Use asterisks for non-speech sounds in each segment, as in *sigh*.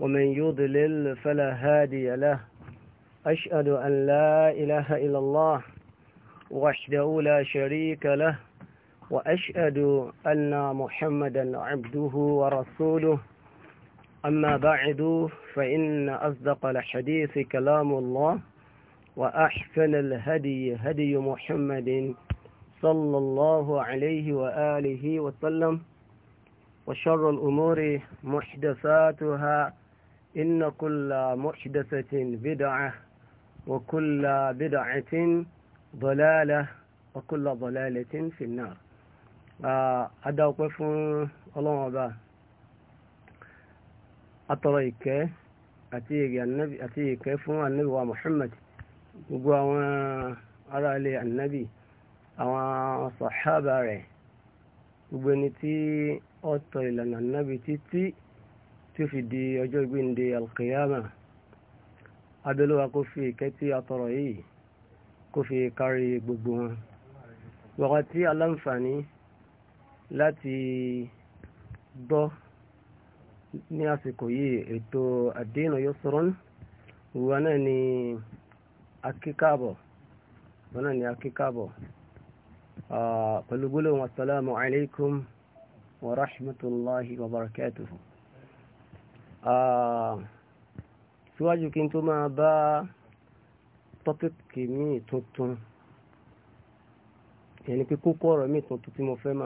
ومن يضلل فلا هادي له أشهد أن لا إله إلا الله وحده لا شريك له وأشهد أن محمدا عبده ورسوله أما بعد فإن أصدق الحديث كلام الله وأحسن الهدي هدي محمد صلى الله عليه وآله وسلم وشر الأمور محدثاتها إن كل محدثة بدعة وكل بدعة ضلالة وكل ضلالة في النار أدعو قفون الله أبا أطريك أتيك النبي أتيك فون النبي ومحمد وقوى أرى لي النبي أو صحابة gbogbo ẹni tí ó tọ ìlànà nábi títí tí ó fi di ọjọ́ ìgbéǹde alkiyama abẹ́lúwa kó fi ìkẹ́ tí a tọrọ yìí kó fi kárí gbogbo wọn wàkà tí aláǹfààní láti gbọ́ ní àsìkò yìí ètò àdéhùn yóò sọ̀rọ̀ wọn náà ni akíkàbọ̀ wọn náà ni akíkàbọ̀ pẹ̀lú gbólóhùn assalamu alaikum wa rahmatullahi wa barakatuhu síwájú kí n tó máa bá tọ́pìkì míì tuntun ẹni pé kókó ọ̀rọ̀ tuntun tí mo fẹ́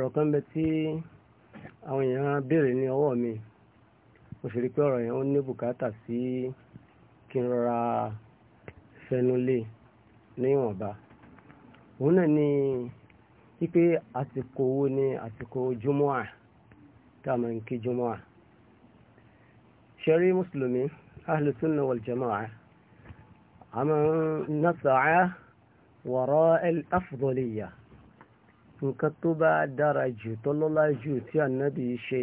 lọ kan tí awon eyan béèrè ni ọwọ́ mi o ní ìwọ̀nba òun náà ni wípé àsìkò owó ní àsìkò jùmọ́à tá a máa ń kí jùmọ́à ṣẹ́rí mùsùlùmí ahlu sunna wal jama'a a máa ń nasa'a wọ̀rọ̀ afdọ́lìyà nǹkan tó bá dára jù tọ́lọ́lá jù tí ànábì ṣe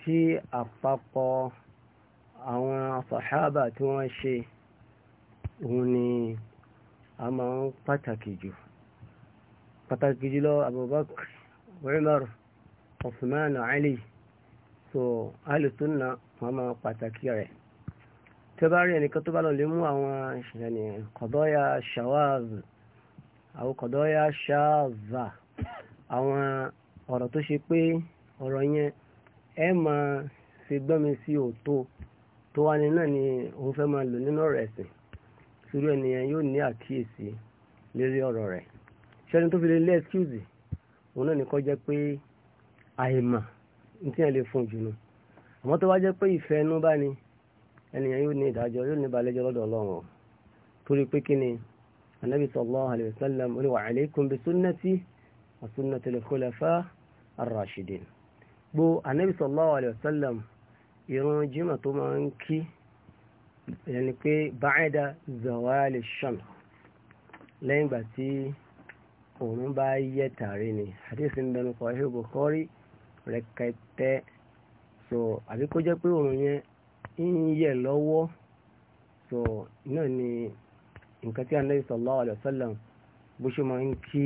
tí àpapọ̀ àwọn sàhábà tí wọ́n ṣe òun ni a máa ń pàtàkì jù pàtàkì jùlọ Abubakar Umar Osman, Ali so alùsùnà wọn máa pàtàkì rẹ̀ tí ó bá rí ẹnìkan tó bá lọ lè mú àwọn ìṣẹ̀lẹ̀ kọ̀dọ́yà shawaz àwọn kọ̀dọ́yà shaza àwọn ọ̀rọ̀ tó ṣe pé ọ̀rọ̀ yẹn ẹ máa fi gbọ́mi sí òótọ́ tó wá ní náà ni òun fẹ́ máa lò nínú ọ̀rọ̀ ẹ̀sìn sórí ènìyàn yóò ní àkíyèsí lérí ọ̀rọ̀ rẹ̀ ṣẹ́ni tó fi lè lé ẹ́skúùsì òun náà ní kọ́ jẹ́ pé àìmọ̀ ní tí yẹn lè fún jùlọ àmọ́ tó bá jẹ́ pé ìfẹ́ inú bá ní ènìyàn yóò ní ìdájọ́ yóò ní balẹ̀jọ́ lọ́dọ̀ ọlọ́run o torí pé kí ni anabi sallallahu alayhi sallam oníwà alaykum bi sunnati wa sunnati al-khulafa ar-rashidin gbogbo anabi sallallahu alayhi wa sallam irun jimá tó máa ń kí ìyẹn ni pé báyìdá zawali shams lẹ́yìn ìgbà tí òun bá yẹ tààrí ni àdéhùn bẹnu kọ ẹ̀hìn Bukhari rẹ̀kẹ̀tẹ̀ so àbí kó jẹ́ pé òun yẹn ń yẹ lọ́wọ́ so náà ni nǹkan tí anabi sallallahu alaihi wasallam bó ṣe máa ń kí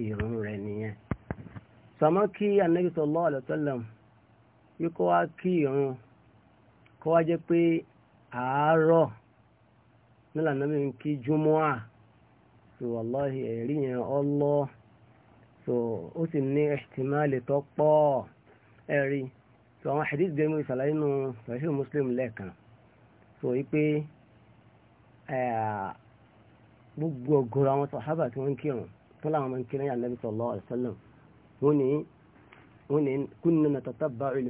ìrun rẹ̀ nìyẹn sọmọ kí anabi sallallahu alaihi yóò kó wá kí ìrun kọ́ wá jẹ́ pé àárọ̀ nílà náà mi ń kí júmọ́à so wàláhì ẹ̀rí yẹn Allah so ó sì ní ihtimali tó pọ̀ ẹ̀rí so àwọn hadith gbẹ̀mú ìsàlàyé nù sahih muslim lẹ́ẹ̀kan so wípé gbogbo ọ̀gọ̀rọ̀ àwọn sàhábà tí wọ́n ń kírun tó láwọn máa ń kírun yà Nabi sallallahu alaihi wasallam wọ́n ní wọ́n ní kunna natatabba'u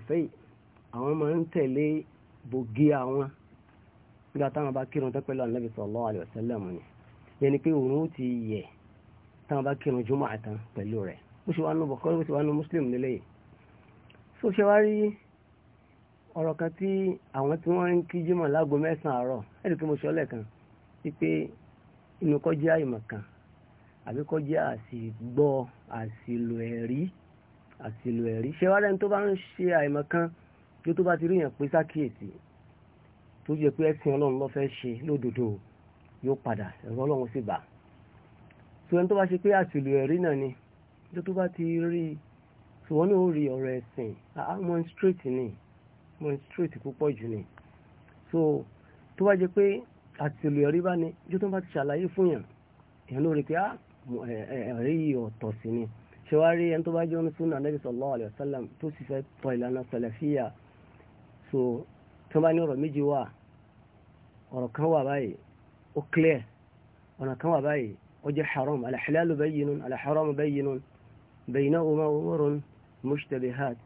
àwọn máa ń tẹ̀lé bògé àwọn nígbà táwọn bá kírun tó pẹ̀lú Ànábì sallallahu alaihi wasallam ni yẹn ni pé òun ó ti yẹ táwọn bá kírun jùmọ̀ àtàn pẹ̀lú rẹ̀ ó ṣe wá nù bọ̀kọ́ ó ṣe wá nù muslim lélẹ́yìí so ṣe wá rí ọ̀rọ̀ kan tí àwọn tí wọ́n ń kí jùmọ̀ láago mẹ́sàn-án àárọ̀ ẹ̀rì pé mo ṣọ́ lẹ́ẹ̀kan wípé inú kọ́ jẹ́ àìmọ̀ kan àbí kọ́ àsìgbọ́ àsìlò ẹ̀rí àsìlò ẹ̀rí ṣe wá rẹ́ni tó bá ń ṣe àìmọ̀ kan kí tó bá ti rí yẹn pé sákìyèsí tó yẹ pé ẹsìn ọlọ́run ló fẹ́ ṣe lódodo yóò padà ẹ̀rọ ọlọ́run sì bà tó ẹni tó bá ṣe pé àṣìlò ẹ̀rí náà ni tó tó bá ti rí tòun náà rí ọ̀rọ̀ ẹ̀sìn àwọn ni wọn straight púpọ̀ jù ni so tó bá jẹ pé àṣìlò ẹ̀rí bá ni tó tó bá ti ṣàlàyé fún yàn èèyàn ló rí pé ẹ̀rí yìí ọ̀tọ̀ sí ni ṣe wá rí ẹni tó bá jẹ́ oníṣúná Nabi sallallahu alaihi wasallam tó sì fẹ́ tọ ìlànà sàlàfíà so tí wọ́n bá ní ọ̀rọ̀ méjì wà ọ̀rọ̀ kan wà báyìí ó clear ọ̀nà kan wà báyìí ó jẹ́ haram alhalalu bayyinun alharamu bayyinun baynahuma umurun mushtabihat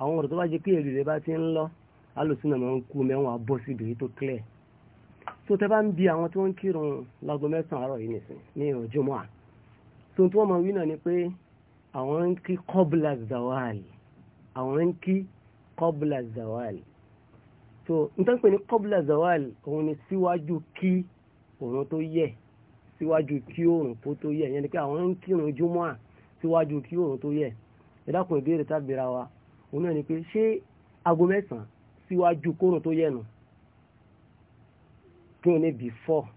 àwọn ọ̀rọ̀ tó bá jẹ́ pé èrè rẹ̀ bá ti ń lọ alùsùnà máa ń kú mẹ́wọ̀n abọ́ sí ibèrè tó clear so tẹ́ bá ń bi àwọn tí ń kírun lágbo mẹ́sàn-án àárọ̀ yìí nìsín ní ìrọ̀jú mọ́ so tí wọ́n máa wí náà ni pé àwọn ń kí kọ́bùlà zawali àwọn ń kí kọ́bùlà zawali so nítorí pé kọ́bùlà zawal òun ni síwájú kí òun tó yẹ síwájú kí òòrùn kó tó yẹ ìyẹn ni pé àwọn ń kírun júmọ́ à síwájú kí òòrùn tó yẹ ìdákùn ìbéèrè tábìra wa òun ni pé ṣé aago mẹ́sàn-án síwájú kóòrùn tó yẹ nù kí òun ní before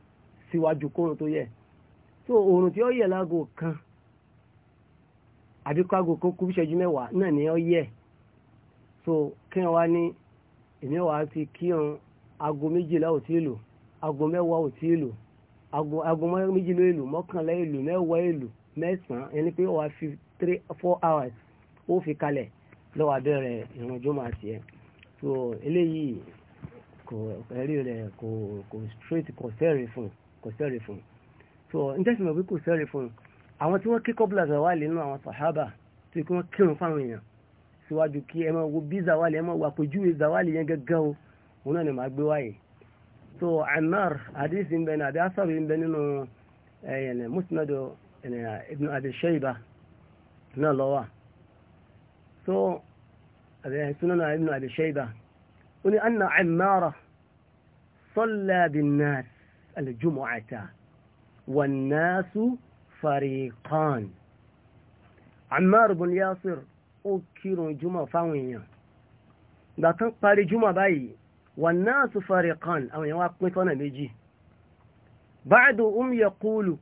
síwájú kóòrùn tó yẹ so òòrùn tí ó yẹ láago kan àbíkọ́ aago kan kú bí ṣẹ́jú mẹ́wàá náà ni ó yẹ so kí wọ́n wá ní èmi wàá ti kírun aago méjìlá ò tí ì lò aago mẹ́wàá ò tí ì lò aago méjìlá èlò mọ́kànlá èlò mẹ́wàá èlò mẹ́sàn-án ẹni pé wàá fi three four hours ó fi kalẹ̀ lọ́wọ́ abẹ́rẹ́ ìrun jùmọ̀ àti so eléyìí kò ẹ̀rí rẹ̀ kò kò straight kò sẹ́rì fún kò sẹ́rì fún so n tẹ́sí mọ̀ pé kò sẹ́rì fún àwọn tí wọ́n kí kọ́bùlà zàwálì nínú àwọn sàhábà tí wọ́n kírun fáwọn èèyàn síwájú kí ẹ máa wo bí zawali ẹ máa wo àpèjúwe zawali yẹn gẹ́gẹ́ o òun náà ni màá gbé wáyé so Ammar hadith ń bẹ ní àbí asọ́rù ń bẹ nínú ẹ̀yẹ̀nì musnad ibn Abi Shayba náà lọ́wọ́ so ẹ̀yẹ̀ sunan ibn Abi Shayba ó ní anna Ammara salla bin-nas al-jumu'ata wan-nasu fariqan Ammar ibn Yasir ó kírun júmọ̀ fáwọn èèyàn ìgbà tán parí júmọ̀ báyìí wà náà tó fari kan àwọn èèyàn wá pín tọ́nà méjì báàdù um yẹ kúlù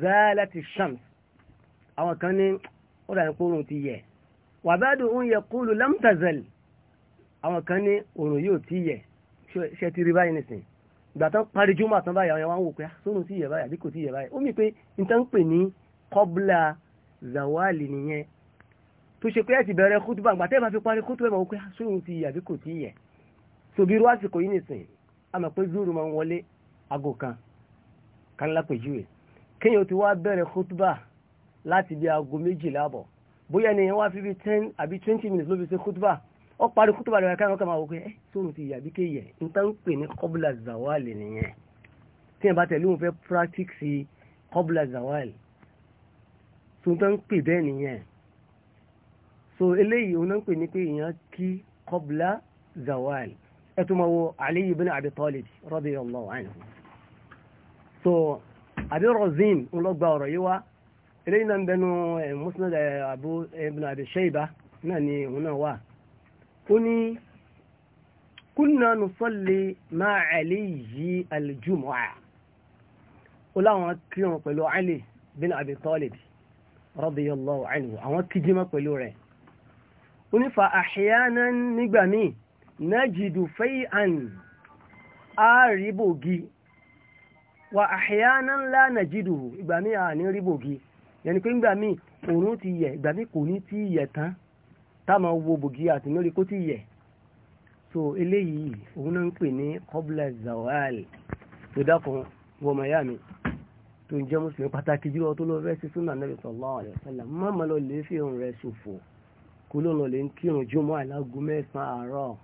zálàtì shams àwọn kan ní ó dà ní kórun ti yẹ wà báàdù um yẹ kúlù lamtazal àwọn kan ní òrùn yóò ti yẹ ṣe ti rí báyìí nìsín ìgbà tán parí júmọ̀ àtàn báyìí àwọn èèyàn wá ń wò pé sórun ah, ti yẹ báyìí àbí ti yẹ báyìí ó mì pé n tán pè ní kọ́bùlà zawali nìyẹn tó ṣe pé ẹ ti bẹ̀rẹ̀ kútùbà àgbà tẹ́ ẹ bá fi parí kútùbà ẹ̀ mọ̀ pé sóhun ah, ti yàbí kò tí yẹ sobi irú àsìkò yìí nìsín a mọ̀ pé zuru máa ń wọlé aago kan kan lápèjúwe kéèyàn ti wá bẹ̀rẹ̀ kútùbà láti bí aago méjìlá bọ̀ bóyá ẹni yẹn wá fi bí ten àbí twenty minutes ló fi ṣe kútùbà ó parí kútùbà rẹ̀ káyọ̀ kà máa wọ pé ẹ eh, sóhun ti yàbí ké yẹ n tán pè ní kọ́bùlà zawali nìyẹn tí yẹn bá so eléyìí òun náà ń pè ní pé èèyàn kí kọbla zawal ẹ tó máa wo Ali ibn Abi Talib radiyallahu anhu so àbí rozin ń lọ gba ọ̀rọ̀ yìí wá eléyìí náà ń bẹnu Musnad Abu ibn Abi Shayba náà ni òun náà wà ó ní kunna nusalli ma'a Ali al ó láwọn kírun pẹ̀lú Ali ibn Abi Talib radiyallahu anhu àwọn kìjìmọ̀ pẹ̀lú rẹ̀ onífà àṣíyáná nígbà míì nájìdù fẹ́yàn àríbògì wà àṣíyáná ńlá nàjìdù ìgbà míì àní ríbògì yẹni pé ńgbà míì òun ti yẹ ìgbà míì kò ní tí yẹ tán táàmà wo bògì àti lórí kó ti yẹ so eléyìí òun náà ń pè ní kọ́bùlà zawal tó dákun wọ miami tó ń jẹ́ mùsùlùmí pàtàkì jùlọ tó lọ fẹ́ sí súnà nàbì sallallahu alaihi wasallam má lè fi òun rẹ̀ ṣòfò kó lóun lè ń kírun jùmọ̀ àlágó mẹ́sàn-án àárọ̀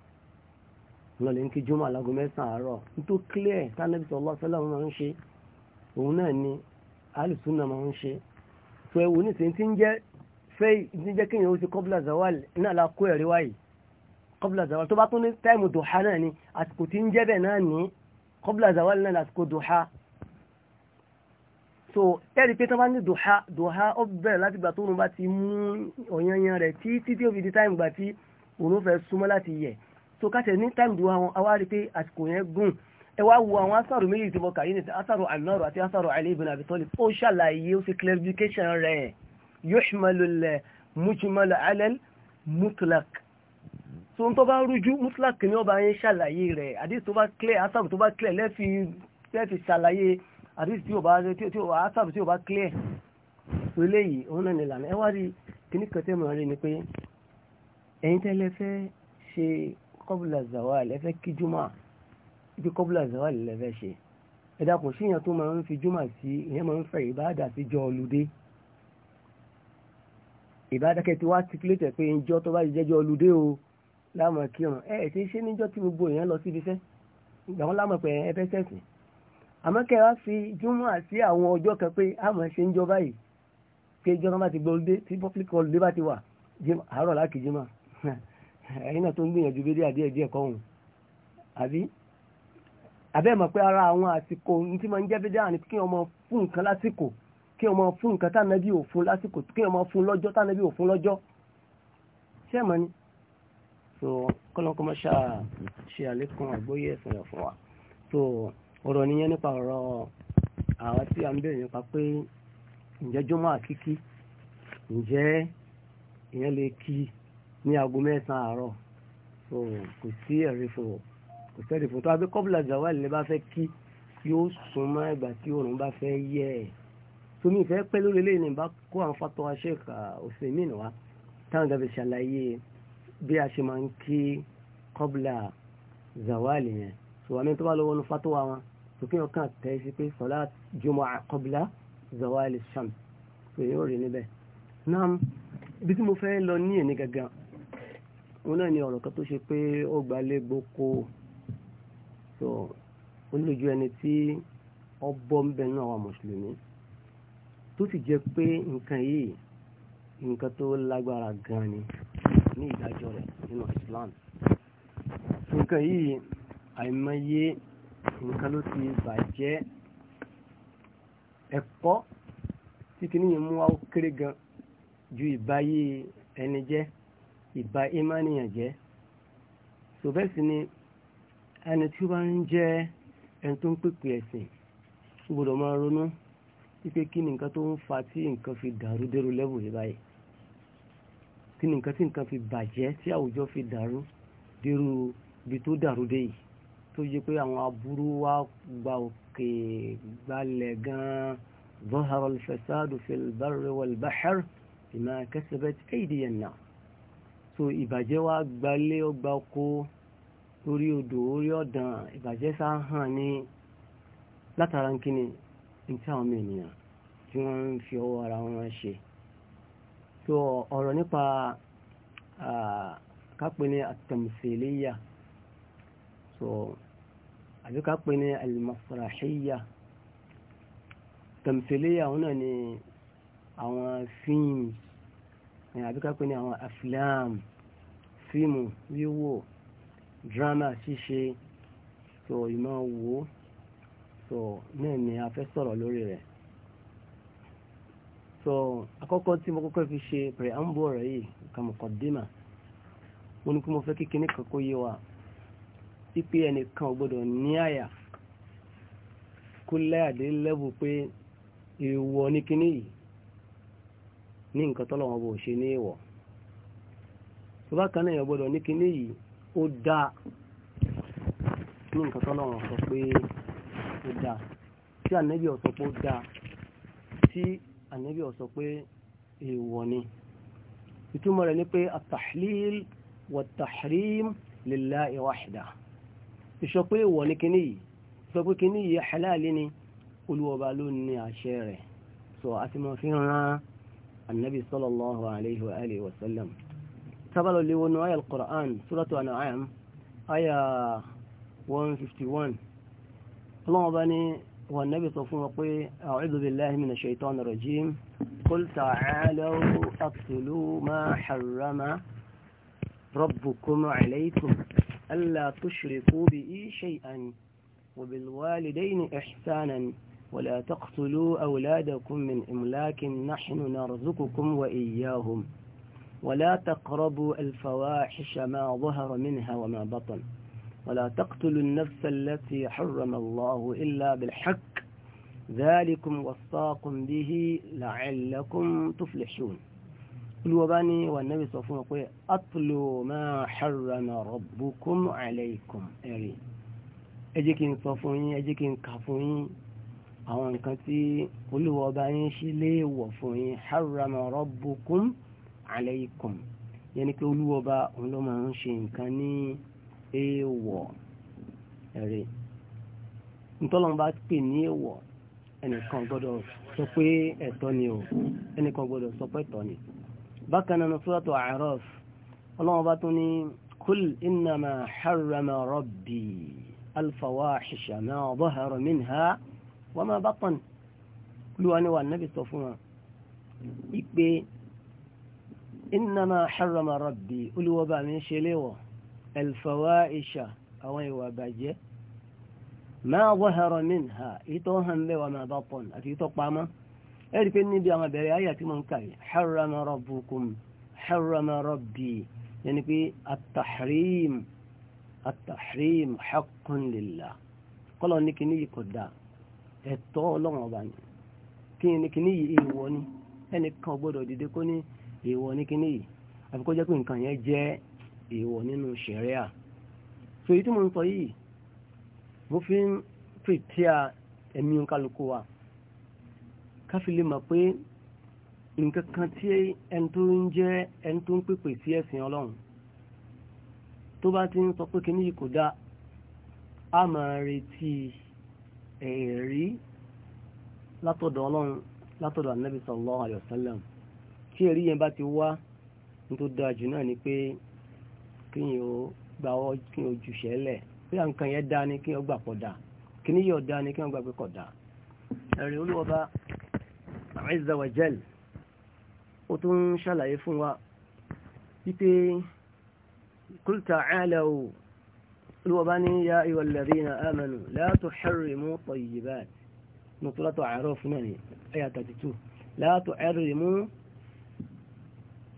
lọ́n lè ń kí jùmọ̀ àlágó mẹ́sàn-án àárọ̀ nító clear tánàbí sọlọ́ sọlá máa ń ṣe òun náà ni alùsùnà máa ń ṣe sọ ẹ̀wò ní sèǹtì ń jẹ́ fẹ́ ní jẹ́ kéèyàn ó ti kọ́bùlà zawal náà la kó ẹ̀rí wáyìí kọ́bùlà zawal tó bá tún ní táìmù dùhà náà ni àsìkò tí ń jẹ́ bẹ́ẹ̀ náà ní kọ́bùlà zawal náà lásìkò dùhà so ẹ̀rí pé tó bá ní dùhá dùhá ó bẹ̀rẹ̀ láti gbà tó òun bá ti mú ọ̀yanyan rẹ̀ tí títí ó fi di táìmù gbà tí òun fẹ́ súnmọ́ láti yẹ̀ so káṣẹ̀ ní táìmù dùhá wọn a wá rí pé àsìkò yẹn gùn ẹ wá wo àwọn asàrò méjì tí mo kà yín ní asàrò Anwar àti asàrò Ali ibn Abi Talib ó ṣàlàyé ó ṣe clarification rẹ̀ yuhmalu mujmal ala mutlaq so n tó bá rújú mutlaq ni ó bá yẹn ṣàlàyé rẹ̀ àdéhùn tó bá clear asàrò tó bá clear lẹ́ẹ̀fi ṣàlàyé àdìsí tí ò bá tí ò àtàbí tí ò bá clear pé léyìí òun náà nìlànà ẹ wá rí kíní kan tẹ́ mọ̀ rí ni pé ẹ̀yin tẹ́lẹ̀ fẹ́ ṣe kọ́bùlà zawal ẹ fẹ́ kí jùmọ̀ bí kọ́bùlà zawal lẹ fẹ́ ṣe ẹ dákun sí ìyẹn tó máa ń fi jùmọ̀ sí ìyẹn máa ń fẹ́ ìbáàdà sí jọ ọlùdé ìbádàkẹ́ tí wàá stipulate pé ìjọ́ tó bá jẹ́jọ́ olùdé o láàmú kírun ẹ̀ ẹ̀ ti ṣe níjọ́ tí gbogbo èèyàn lọ síbi iṣẹ́ ìgbà wọn àmọ́ kẹ́ wá fi júmọ́ àti àwọn ọjọ́ kan pé àmọ́ ṣe ń jọba yìí pé ìjọba bá ti gbọ́lódé tí public holiday bá ti wà àárọ̀ lákìjì mà *laughs* ẹ̀yin náà tó ń gbìyànjú bí díẹ̀ díẹ̀ kọ́ òun àbí àbẹ́ mọ̀ pé ara àwọn àsìkò tí máa ń jẹ́ bí dáhà ni kí ọmọ fún nǹkan lásìkò kí ọmọ fún nǹkan tánàbí ò fún lásìkò kí ọmọ fún lọ́jọ́ tánàbí ò lọ́jọ́ ṣé ni so kọ́lọ́kọ́ mọ́ ṣáà ṣe àlékún àgbóyè so ọ̀rọ̀ nìyẹn nípa ọ̀rọ̀ àwọn tí a ń bèèrè nípa pé ǹjẹ́ jọmọ́ àkíkí ǹjẹ́ ìyẹn lè kí ní aago mẹ́sàn-án àárọ̀ kò sí ẹ̀rí fún ọ kò sẹ́ẹ̀rí fún tó abẹ́ kọ́bùlà zawal lè bá fẹ́ kí yóò súnmọ́ ìgbà tí oòrùn bá fẹ́ yẹ ẹ̀ tómi ìfẹ́ pẹ́ lórí eléyìí ní bá kó àwọn fatọ́ aṣèkà òsèmínú wa táwọn gàbẹ ṣàlàyé bí a ṣe máa ń kí kọ́bùlà zawal yẹn sọ̀rọ̀ àmì tó bá lọ́wọ́ nu fatọ́ wa wọn sókè ọkàn tẹ́ sí pé sọlá jùmọ̀ àkọ́bílá zawali shams tó yóò rí níbẹ̀. náà bí tí mo fẹ́ lọ ní ẹ̀ní gangan wọn náà ni ọ̀rọ̀ kan tó ṣe pé ó gbalẹ̀ gboko tó olójú ẹni tí ọbọ̀ ń bẹ náà wà mùsùlùmí tó sì jẹ́ pé nǹkan yìí nǹkan tó lágbára gan ni ní ìdájọ́ rẹ̀ nínú Islam nǹkan yìí àìmọye nǹkan ló ti bàjẹ́ ẹ̀kọ́ tí kìíní yìí mú wa ó kéré gan ju ìbáyé ẹni jẹ́ ìbá ìmánìyàn jẹ́ sòbẹ́ ni ẹni tí ó bá ń jẹ́ ẹni tó ń pèpè ẹ̀sìn ó gbọ́dọ̀ máa ronú wípé kí ni nǹkan tó ń fa tí nǹkan fi dàrú dérú lẹ́wù yìí báyìí kí ni nǹkan tí nǹkan fi bàjẹ́ tí àwùjọ fi dàrú dérú ibi tó dàrú dé yìí tó yẹ pé àwọn aburú wa gba òkè gbalẹ̀ gan-an ظهر الفساد في البر والبحر بما كسبت أيدي الناس so ìbàjẹ́ wa gbalé ọgbà oko orí odò orí ọ̀dàn ìbàjẹ́ sá hàn ní látara kíni ní tí àwọn ènìyàn tí wọ́n ń fi ọwọ́ ara wọn ṣe so ọ̀rọ̀ nípa kápẹ́ ní àtẹ̀mùsẹ̀lẹ́yà so àbí ká pè ní alimasarahiyya tamthiliya àwọn náà ni àwọn fíìmù àbí ká pè ní àwọn afilam fíìmù wíwò drama ṣíṣe tó ìmọ̀ wò tó náà ni a fẹ́ sọ̀rọ̀ lórí rẹ̀ so àkọ́kọ́ tí mo kọ́kọ́ fi ṣe preamble rẹ̀ yìí kàmùkọ̀dìmà mo ní kí mo fẹ́ kékeré kan kó yé ipe ẹnìkan ò gbọdọ̀ ní àyà kó láyàdé lẹ́bù pé èèwọ̀ ní kíní yìí ní nǹkan tọ́lọ̀ wọn bò ṣe ní èèwọ̀ tó bá kan náà èèyàn gbọdọ̀ ní kíní yìí ó dáa ní nǹkan tọ́lọ̀ wọn sọ pé ó dáa tí ànẹ́bí ó pé ó dáa tí ànẹ́bí ó pé èèwọ̀ ni ìtumọ̀ rẹ̀ ni pé at-tahlil wa at-tahrim ìsọ pé ìwọ ni kíní yìí sọ pé kíní yìí halali ni olùwọba ló ní àṣẹ rẹ̀ sọ àti mọ̀ fi hàn anabi sallallahu alayhi wa alihi wa sallam sábàlọ léwo nu ayal Qur'an suratu an'am aya 151 ọlọ́wọ́n bá ní wọn nabi sọ fún wa pé a'udhu billahi minash shaitanir rajim qul ta'alaw aqtulu ma harrama rabbukum alaykum ألا تشركوا به شيئا وبالوالدين إحسانا ولا تقتلوا أولادكم من إملاك نحن نرزقكم وإياهم ولا تقربوا الفواحش ما ظهر منها وما بطن ولا تقتلوا النفس التي حرم الله إلا بالحق ذلكم وصاكم به لعلكم تفلحون olùwọ́ba ní wà nẹ́bí sọ fún wọn pé atlu ma harrama rabbukum alaykum ẹ̀rì ẹ jẹ́ kí n sọ fún yín ẹ jẹ́ kí n kà fún yín àwọn nǹkan tí olùwọ́ba yín ṣe léèwọ̀ fún yín harrama rabbukum alaykum yẹni pé olúwọba òun ló máa ń ṣe nǹkan ní èèwọ̀ ẹ̀rẹ́ nítọ́lọ́n pè ní èèwọ̀ ẹnìkan gbọ́dọ̀ sọ pé ẹ̀tọ́ ni o ẹnìkan gbọ́dọ̀ sọ pé ẹ̀tọ́ ni o bákan náà suratu A'raf ọlọ́wọ́n bá tún ní kul innama harrama rabbi alfawahisha ma zahara minha wa ma batan lúwa ni wà nábì sọ fún wa ìpè innama harrama rabbi olúwa bá mi ṣe léwọ̀ alfawahisha àwọn ìwà bàjẹ́ ma zahara minha ìtọ́ hàn bẹ́ẹ̀ wa ma batan àti ìtọ́ pamọ́ ẹ̀rí pé níbi àwọn abẹ̀rẹ̀ ayé àti mọ̀ǹkà yìí harrama rabbukum harrama rabbi yẹni pé at-tahrim at-tahrim haqqun lillah kọ́lọ̀ ní kìíní yìí kò dáa ẹ̀tọ́ ọlọ́run ọba ni kìíní kìíní yìí èèwọ̀ ni ẹnìkan so èyí tí mo ń sọ káfí lè mọ̀ pé nǹkan kan tí ẹni tó ń jẹ́ ẹni tó ń pèpè sí ẹ̀sìn ọlọ́run tó bá ti ń sọ pé kíní yìí kò dá a máa retí ẹ̀rí látọ̀dọ̀ ọlọ́run látọ̀dọ̀ ànábì sallallahu alaihi wasallam tí ẹ̀rí yẹn bá ti wá ní tó dáa jù náà ni pé kí n ò gbà ọ́ kí n ò jù sẹ́lẹ̀ pé nǹkan yẹn dáa ni kí n ò gbà pọ̀ dáa kíní yìí ò dáa ni kí n ò gbà pé kò dáa ẹ̀rí olúwọ́ba azza wa jal ó tún ṣàlàyé fún wa wípé qul ta'alaw olùwọ́bá ní ya ayyuhal ladhina amanu la tuharrimu tayyibat nùtúrọ́tọ̀ àárọ̀ fún ẹni ẹ̀yà 32 la tuharrimu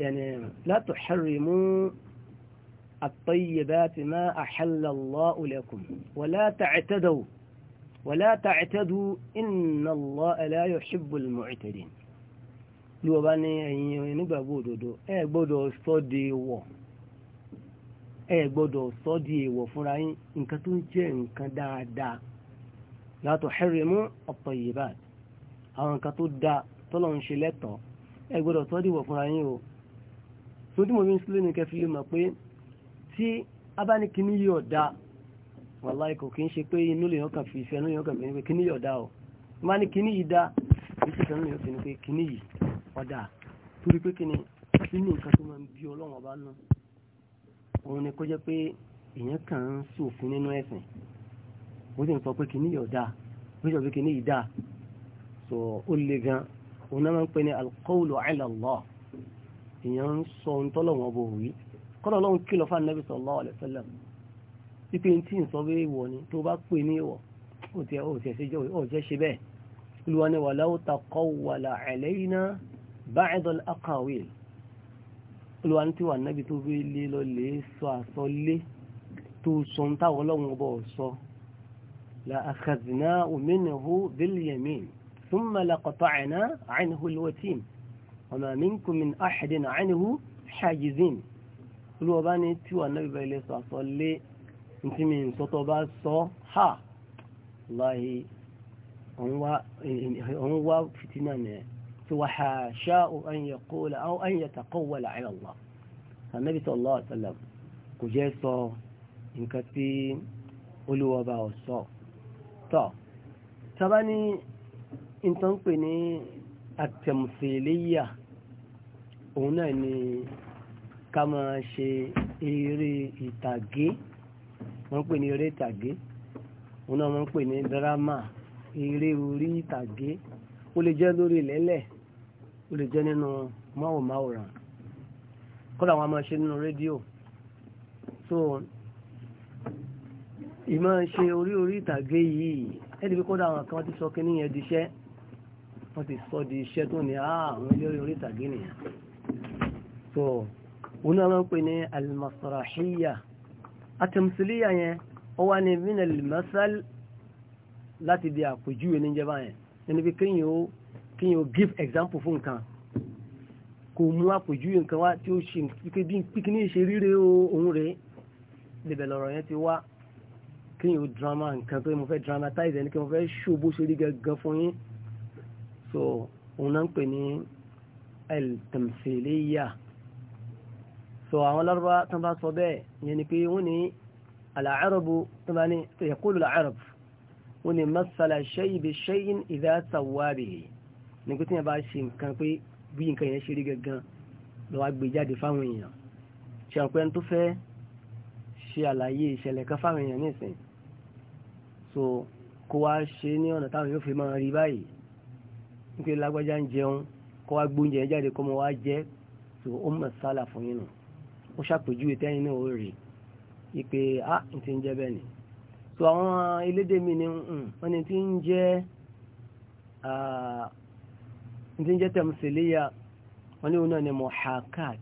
يعني لا تحرموا الطيبات ما أحل الله لكم ولا تعتدوا wala ta'tadu inna Allaha la yuhibbul mu'tadin bí wọ́n bá ní ẹ̀yin onígbàgbọ́ òdodo ẹ gbọ́dọ̀ sọ di wọ̀ ẹ gbọ́dọ̀ sọ di èèwọ̀ fúnra yín nǹkan tó ń jẹ́ nǹkan dáadáa la tuhrimu at-tayyibat àwọn nǹkan tó dáa tọ́lọ̀ ń ṣe lẹ́tọ̀ọ́ ẹ gbọ́dọ̀ sọ di wọ̀ fúnra yín o tó tí mo fi ń sílé ní kẹfì lè mọ̀ pé tí abánikíní yìí ọ̀dà wàláì kò kí ń ṣe pé inú lèyàn kan fi ìfẹ́ inú lèyàn kan fi ní pé kíní yọ̀dá o má ní kíní yìí dá bí ṣe fẹ́ràn lèyàn fi ní pé kíní yìí ọ̀dà torí pé kíní nínú nǹkan tó máa ń bí ọlọ́run ọba nù òun ni kó jẹ́ pé èèyàn kàn ń ṣòfin nínú ẹ̀sìn ó sì ń sọ pé kíní yọ̀dá ó sì sọ pé kíní yìí dá so ó le gan òun náà máa ń pè ní alqawlu ala Allah èèyàn ń sọ ohun tọ́lọ́run ọba òwì kọ́lọ́ wípé tí ń sọ pé ìwọ ni tó bá pè ní ìwọ ó ti ẹ̀ ṣe jẹ́ ó jẹ́ ṣe bẹ́ẹ̀ olúwa ni walau taqawwala alayna ba'd al-aqawil olúwa ní tí wà nábi tó fi lé lọ lè sọ àsọ lé tó sọ ń táwọn ọlọ́run ọba ọ̀sọ́ la akhadhnāhu minhu bil-yamīn thumma laqata'nā 'anhu al-watīn wa ahadin 'anhu ḥājizīn olúwa bá ní tí wà nábi bá ilé sọ àsọ lé ntí mi nsọ́tọ̀ bá sọ ha láyé òun wá fìtínà nẹ tí wà ha ṣá o an yẹ kóòlà àwọn an yẹ takọ́wà láàrin Allah anabi sallallahu alaihi wasallam kò jẹ́ sọ nǹkan tí olúwa bá ọ òun náà ni ká máa ṣe eré ìtàgé wọ́n ń pè ní eré ìtàgé òun náà wọ́n ń pè ní dírámà eré orí ìtàgé ó lè jẹ́ lórí ìlẹ́lẹ̀ ó lè jẹ́ nínú máwòmáwòrán kódà wọn a máa ṣe nínú rédíò so ìmọ̀ ṣe orí orí ìtàgé yìí ẹni pé kódà àwọn kan ti sọ kí níyẹn di iṣẹ́ wọ́n ti sọ di iṣẹ́ tó ní àwọn ilé orí ìtàgé nìyẹn so òun náà wọ́n pè ní almasarahiyya àtẹ̀mùsílíyà yẹn ó wá ní minal masal láti di àpèjúwe níjẹba yẹn ẹni pé kéèyàn ó give example fún nǹkan kò mú àpèjúwe nǹkan wá tí ó ṣe pé bí píkíní ṣe ríre òun rèé níbẹ̀ lọ́rọ̀ yẹn ti wá kéèyàn ó drama nǹkan pé mo fẹ́ dramatize ẹni pé mo fẹ́ show bó ṣe rí gangan fún yín so òun náà ń pè ní al-tamthiliyya so àwọn lárúbá tó bá sọ bẹ́ẹ̀ yẹn ni pé wọ́n ní alàárọ̀bù tó bá ní yaqulu alàárọ̀bù wọ́n ní masala shay'i bi shay'in idha sawwa bihi ní pé tí yẹn bá ṣe nǹkan pé bí nǹkan yẹn ṣe rí gangan lọ́wọ́ gbé jáde fáwọn èèyàn ṣe àpẹ́ tó fẹ́ ṣe àlàyé ìṣẹ̀lẹ̀ kan fáwọn èèyàn nísìn so kó wá ṣe ní ọ̀nà táwọn yóò fi máa rí báyìí nítorí lágbájá ń jẹun kó wá gbóúnjẹ jáde kó mọ wá jẹ so ó mọ̀ sálà fún yín nù ó ṣàpèjúwe tẹ́yìn náà ó rè é pé a ah, n ti ń jẹ́ bẹ́ẹ̀ ni so àwọn elédè mi ni mm, wọ́n ni ti ń jẹ́ ah, n ti ń jẹ́ tẹ̀mùsìlẹ́yà wọ́n ní òun náà ni mohakat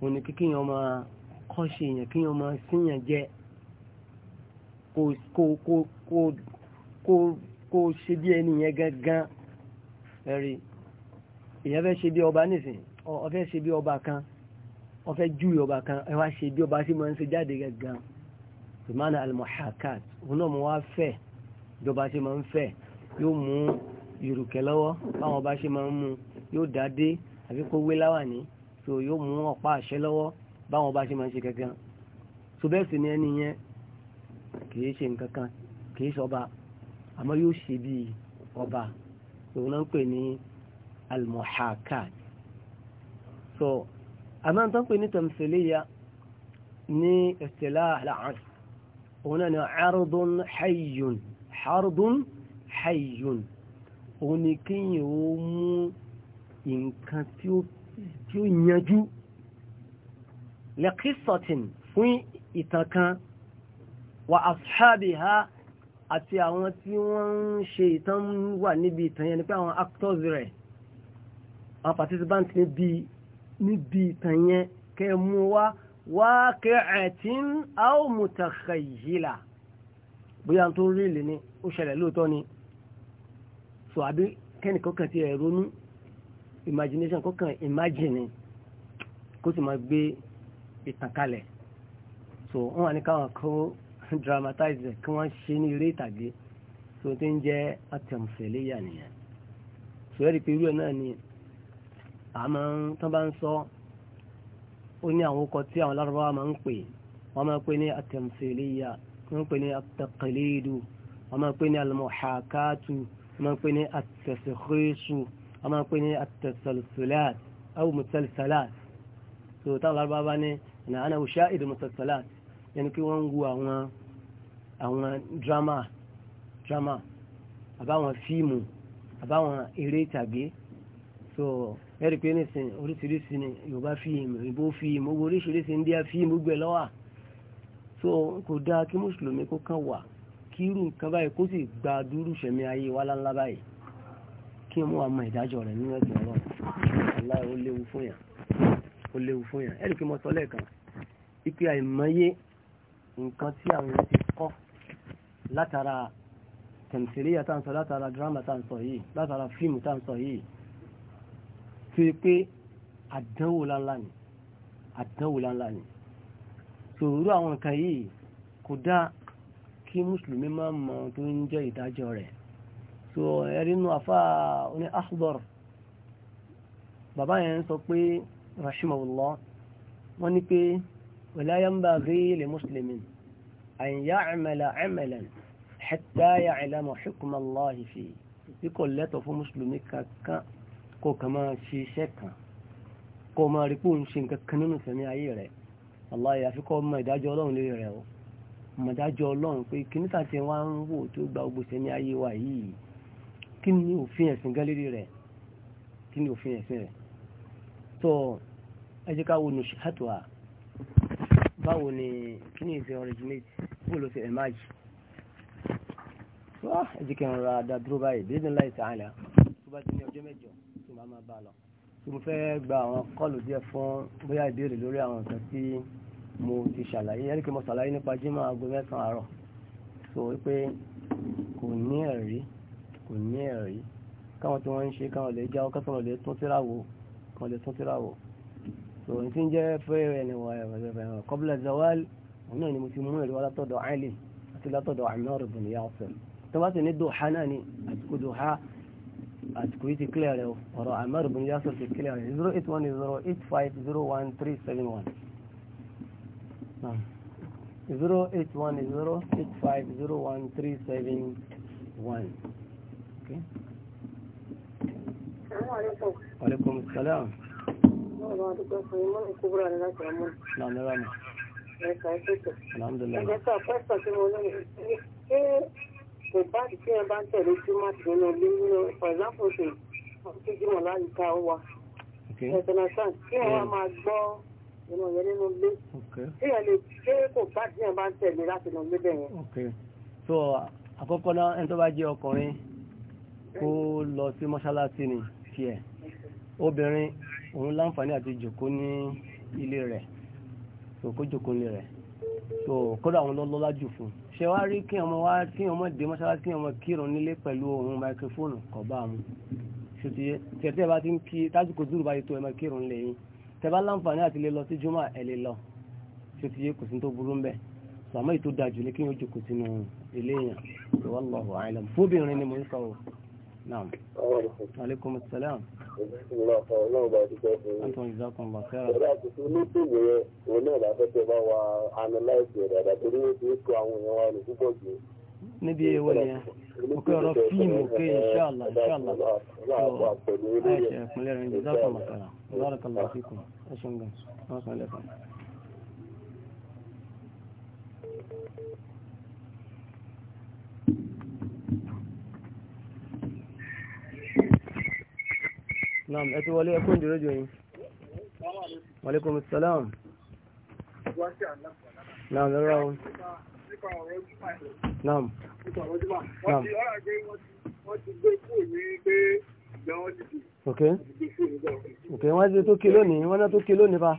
òun ni kíkíyàn ọmọ kọ́ṣe èèyàn kíyàn ọmọ síyàn jẹ́ kó ṣe bí ẹni yẹn gangan ẹ̀rí èèyàn fẹ́ ṣe bí ọba nísìn ó fẹ́ ṣe bí ọba kan wọ́n fẹ́ ju ọba kan ẹ wá ṣe bí ọba sí máa ń ṣe jáde gangan ìmáàna almuhakat òun náà mo wá fẹ́ bí ọba ṣe máa ń fẹ́ yóò mú ìrùkẹ́ lọ́wọ́ báwọn ọba ṣe máa ń mú yóò dá dé àbí kó wé láwàní so yóò mú ọ̀pá àṣẹ lọ́wọ́ báwọn ọba ṣe máa ṣe gangan so bẹ́ẹ̀ sì ni ẹni yẹn kìí ṣe nǹkan kan kìí ṣọba àmọ́ yóò ṣe bí ọba òun náà ń pè ní almuhakat àmọ́ tó ń pè ní tamthiliya ní istilah al-arab òun náà ni arudun hayyun arudun hayyun òun ni kíyàn ó mú nǹkan tí ó yanjú lẹ́kísọ̀tìn fún ìtàn kan wà ashabiha àti àwọn tí wọ́n ń ṣe ìtàn wà níbi ìtàn yẹn ni actors rẹ̀ àwọn participants ní bíi níbi ìtàn yẹn kẹ́ mú wá waqi'atin aw mutakhayyila bóyá tó rí lè ní ó ṣẹlẹ̀ lóòótọ́ ni so àbí kẹ́nìkan kan ti ronú imagination kọ́kàn imagine kó sì máa gbé ìtàn so wọ́n wà ní káwọn kó *laughs* dramatize kí wọ́n ṣe ní eré ìtàgé so tí ń jẹ́ atẹ̀mùsẹ̀lẹ́yà nìyẹn so ẹ̀rí pé irú ẹ̀ náà ni àmọ́ tán bá ń sọ ó ní àwọn ọkọ̀ tí àwọn lárúbáwá máa ń pè wọ́n máa pè ní àtẹ̀mùsẹ̀lẹ́yà wọ́n pè ní àtẹ̀kẹ̀lẹ́dù wọ́n máa pè ní àlùmọ̀hákàtù wọ́n máa pè ní àtẹ̀sẹ̀kẹ́sù wọ́n máa pè ní àtẹ̀sẹ̀lẹ́sẹ̀lẹ́t àwọn mùsẹ̀lẹ́sẹ̀lẹ́t tó táwọn lárúbáwá ní ìnà àná òṣà èdè mùsẹ̀lẹ́sẹ̀lẹ́t yẹni pé wọ́n ń àwọn àwọn drama drama àbáwọn fíìmù àbáwọn eré ìtàgé ẹ̀rí pé nísìnyí oríṣiríṣi ni yorùbá fíìmù ìbò fíìmù owó oríṣiríṣi india fíìmù gbẹ lọ́wà so kò dáa kí mùsùlùmí kó kàn wà kí irú nǹkan báyìí kó sì gba dúró sẹ̀mí ayé wa láńlá báyìí kí mú àmọ́ ìdájọ́ rẹ̀ nínú ẹ̀sìn ọlọ́run aláì ó léwu fún yàn ó léwu fún yàn ẹ̀rí pé mo sọ lẹ́ẹ̀kan ipe àìmọye nǹkan tí àwọn ti kọ́ látara tẹ̀m̀tẹ̀lẹ́yà tá à ń sọ látara dírámà tá à ń sọ yìí látara fíìmù tá à ń sọ yìí tó yẹ pé àdánwò lánlá ni àdánwò lánlá ni sòrò àwọn nǹkan yìí kò dáa kí mùsùlùmí máa mọ tó ń jẹ́ ìdájọ́ rẹ̀ so ẹ̀rí inú afá oní Akhdar bàbá yẹn sọ pé rahimahullah wọ́n ní pé wala yanbaghi li muslimin an ya'mala 'amalan hatta ya'lama hukma Allahi fi bí kò lẹ́tọ̀ fún mùsùlùmí kankan kó kàn máa ṣe iṣẹ́ kan kó máa rí pò ń ṣe nǹkan kan nínú sẹ́mi ayé rẹ̀ aláì àfikọ́ ọmọ ìdájọ́ ọlọ́run lè rẹ̀ ọ́ ọmọ ìdájọ́ ọlọ́run pé kí níta ti wá ń wò tó gba gbogbo sẹ́mi ayé wa yìí kí ni òfin ẹ̀sìn gan lérí rẹ̀ kí ni òfin ẹ̀sìn rẹ̀ tó ẹ jẹ́ ká wo nù ṣàtùwà báwo ni kí ni ìfẹ́ originate bó ló fi emerge wá ẹ jẹ́ kí n ra dá dúró báyìí bí ẹ̀ ní láì sàn án lẹ́yìn ọjọ́ mẹ́jọ bá máa bá lọ. mo fẹ́ gba àwọn kọ́ọ̀lù díẹ̀ fún bóyá ìbéèrè lórí àwọn nǹkan tí mo ti ṣàlàyé yẹn kí mo ṣàlàyé nípa jímọ̀ aago mẹ́sàn-án àárọ̀ so wípé kò ní ẹ̀rí kò ní ẹ̀rí káwọn tí wọ́n ń ṣe káwọn lè jáwọ́ káwọn lè tún síra wò káwọn lè tún síra wò so n ti ń jẹ́ fẹ́ ẹ̀nìwọ̀n qabla zawal òun náà ni mo ti mú ẹ̀rí wá látọ̀dọ̀ Ali àti látọ̀dọ̀ Ammar ibn Yasir tó bá sì ní dùhá náà ni àsìkò dùhá àsìkò yìí ti clear rẹ o ọ̀rọ̀ Ammar ibn Yasir ti clear rẹ zero eight one zero eight five zero one three seven one zero eight one zero eight five zero one three seven one. Aleykum salaam. Alhamdulilayi kò bá tí ẹ bá ń tẹ̀lé tí má ti nínú nínú for example ṣe láyìíká wà ẹ̀tẹ̀nàṣán tí ẹ wá máa gbọ́ ìmọ̀ yẹn nínú ilé tí ẹ lè ṣe kò bá tí ẹ bá ń tẹ̀lé láti nínú ilé bẹ̀yẹn. so àkọ́kọ́ náà ẹni tó bá jẹ́ ọkùnrin kó lọ sí mọ́ṣáláṣí ni tiẹ̀ obìnrin òun láǹfààní àti jòkó ní ilé rẹ̀ so kó jòkó ní rẹ̀ so kódà òun lọ́lọ́lá jù fún un ṣe wá rí kí ọmọ wá tí ọmọ dé mọ́ṣáláṣí kí ọmọ kírun nílé pẹ̀lú ohun máikrófóònù kọ̀ bá mu ṣùtì tẹ̀tẹ̀ bá ti ń kí tásìkò dúró bá yẹ tó ẹ máa kírun lè yín tẹ bá láǹfààní àti lè lọ sí jùmọ̀ ẹ lè lọ ṣùtì kò sí tó burú ń bẹ̀ sàmọ́ ètò dájú ní kí wọ́n jókòó sínú ilé èèyàn wallahu a'lam fóbìnrin ni mo ń sọ ọ́ naam aleykum salaam. Anton Isakun Bakara. Ọ̀rẹ́ àtúntò olóṣèlú yẹn, òun náà bá fẹ́ tẹ bá wa analyze rẹ̀ dáadáa torí ó ti ń kó àwọn èèyàn wa lò púpọ̀ jù. Níbi èèwọ̀ ni ọ̀pẹ ọ̀rọ̀ fíìmù òkè ìṣàlà ìṣàlà tó àìṣe ìpínlẹ̀ rẹ̀ ní Isakun Bakara. Bárakàlá fíkùn, ẹ ṣeun gan, wọ́n sọ lẹ́kọ̀ọ́. naam ẹ ti wọlé ẹkún ìdúró jọ yín. maaleykum salaam. naam lọ́rọ́ o. naam. naam. ok ok wọ́n ti tó kí lónìí wọ́n náà tó kí lónìí fa.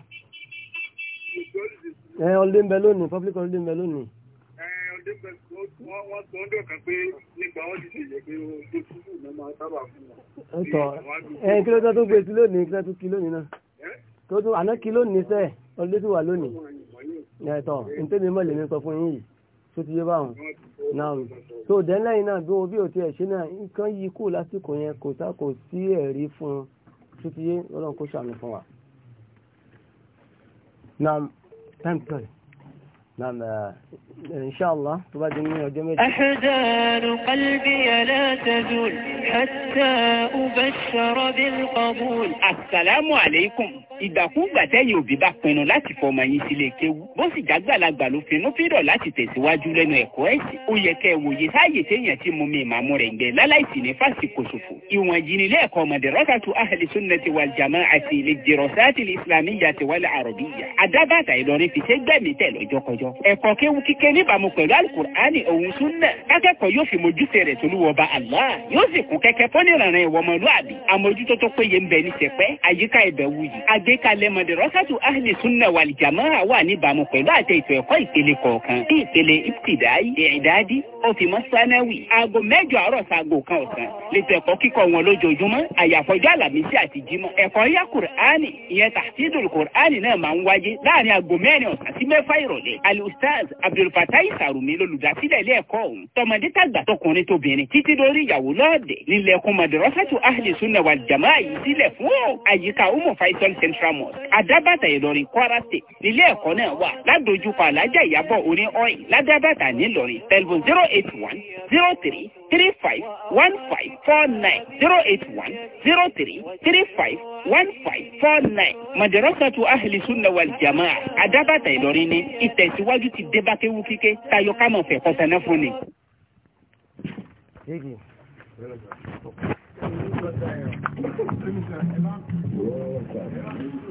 ẹ ọlọ́dún bẹ lónìí public ọlọ́dún bẹ lónìí wọ́n tó ń dọ̀kan pé nípa wọ́n ti ṣèyẹ pé ó dé kúrú náà máa sábà fún wọn. ẹ tọ ẹ kí ló tó tó gbé sí lónìí kí ló tó kí lónìí náà tó tó àná kí lónìí sẹ ọdún tó wà lónìí ẹ tọ ntẹ́mi mọ̀ lèmi sọ fún yín yìí tó ti yé báwọn náà tó dẹ́nlẹ́yìn náà bí bí ò ti ẹ̀ ṣe náà nǹkan yìí kù lásìkò yẹn kò sá kò sí ẹ̀rí fún tó ti yé ọlọ́run kó ṣàmì fún wa. Now, time to نعم آه، إن شاء الله تبادلني وجميل أحزان قلبي لا تزول حتى أبشر بالقبول السلام عليكم ìgbàkúgbà tẹ́yìn òbí bá pinnu láti fọmọ yín sílé kéwú bó sì jágbàlagbà ló finú fídọ̀ láti tẹ̀síwájú lẹ́nu ẹ̀kọ́ ẹ̀sìn ó yẹ kẹ́ ẹ wòye sáàyè téèyàn ti mú mi ìmàmú rẹ̀ gbẹ láláìsí ní fásitì ṣòfò ìwọ̀n ìjìnlẹ̀ ẹ̀kọ́ madrasatu ahli sunnati wal jama'ati lil dirasati al islamiyyati wal arabiyya adábàtà Ìlọrin fi ṣe gbẹ̀mí tẹ̀ lọ́jọ́kọjọ́ ẹ̀kọ́ kéwú kíkẹ́ Allah yóò sì kún kẹ́kẹ́ fọ́nìrànràn ìwọ̀mọlúàbí àmójútó tó péye ń bẹ ní sẹpẹ́ àyíká àgbékalẹ̀ mọ̀dẹ̀rọ́sátù ahli sunna wal jamaa wà níbàámu pẹ̀lú àtẹ ètò ẹ̀kọ́ ìpele kọ̀ọ̀kan bí ìpele ìpìdáyì ìdádi òfìmọ̀ sanáwì aago mẹ́jọ àárọ̀ sago kan ọ̀sán lẹ́tọ̀ ẹ̀kọ́ kíkọ́ wọn lójoojúmọ́ àyàfọ́jọ́ àlàmísì àti jímọ̀ ẹ̀kọ́ yá kùránì ìyẹn tàṣídùl kùránì náà máa ń wáyé láàrin aago mẹ́rin ọ̀sán sí mẹ́fà ìrọ̀lẹ́ alustaz abdulfatai sarumi lolùdásílẹ̀ ilé ẹ̀kọ́ ọ̀hún tọmọdé tàgbà tọkùnrin tóbìnrin títí dórí ìyàwó lọ́ọ̀dẹ̀ nílẹ̀kùn mọ̀dẹ̀rọ́sátù ahli sunna ultramont adábàtà ìlọrin kwara state nílé ẹ̀kọ́ náà wà ládojúkọ alájà ìyàbọ̀ orin oil ládábàtà nílọrin tẹlifon zero eight one zero three three five one five four nine zero eight one zero three three five one five four nine madarasatu ahli sunna wal jamaa adábàtà ìlọrin ni ìtẹ̀síwájú ti débàkéwu kíké tayọ kámọ̀ fẹ̀ kọ́sánná fún ni. Thank you. Thank you.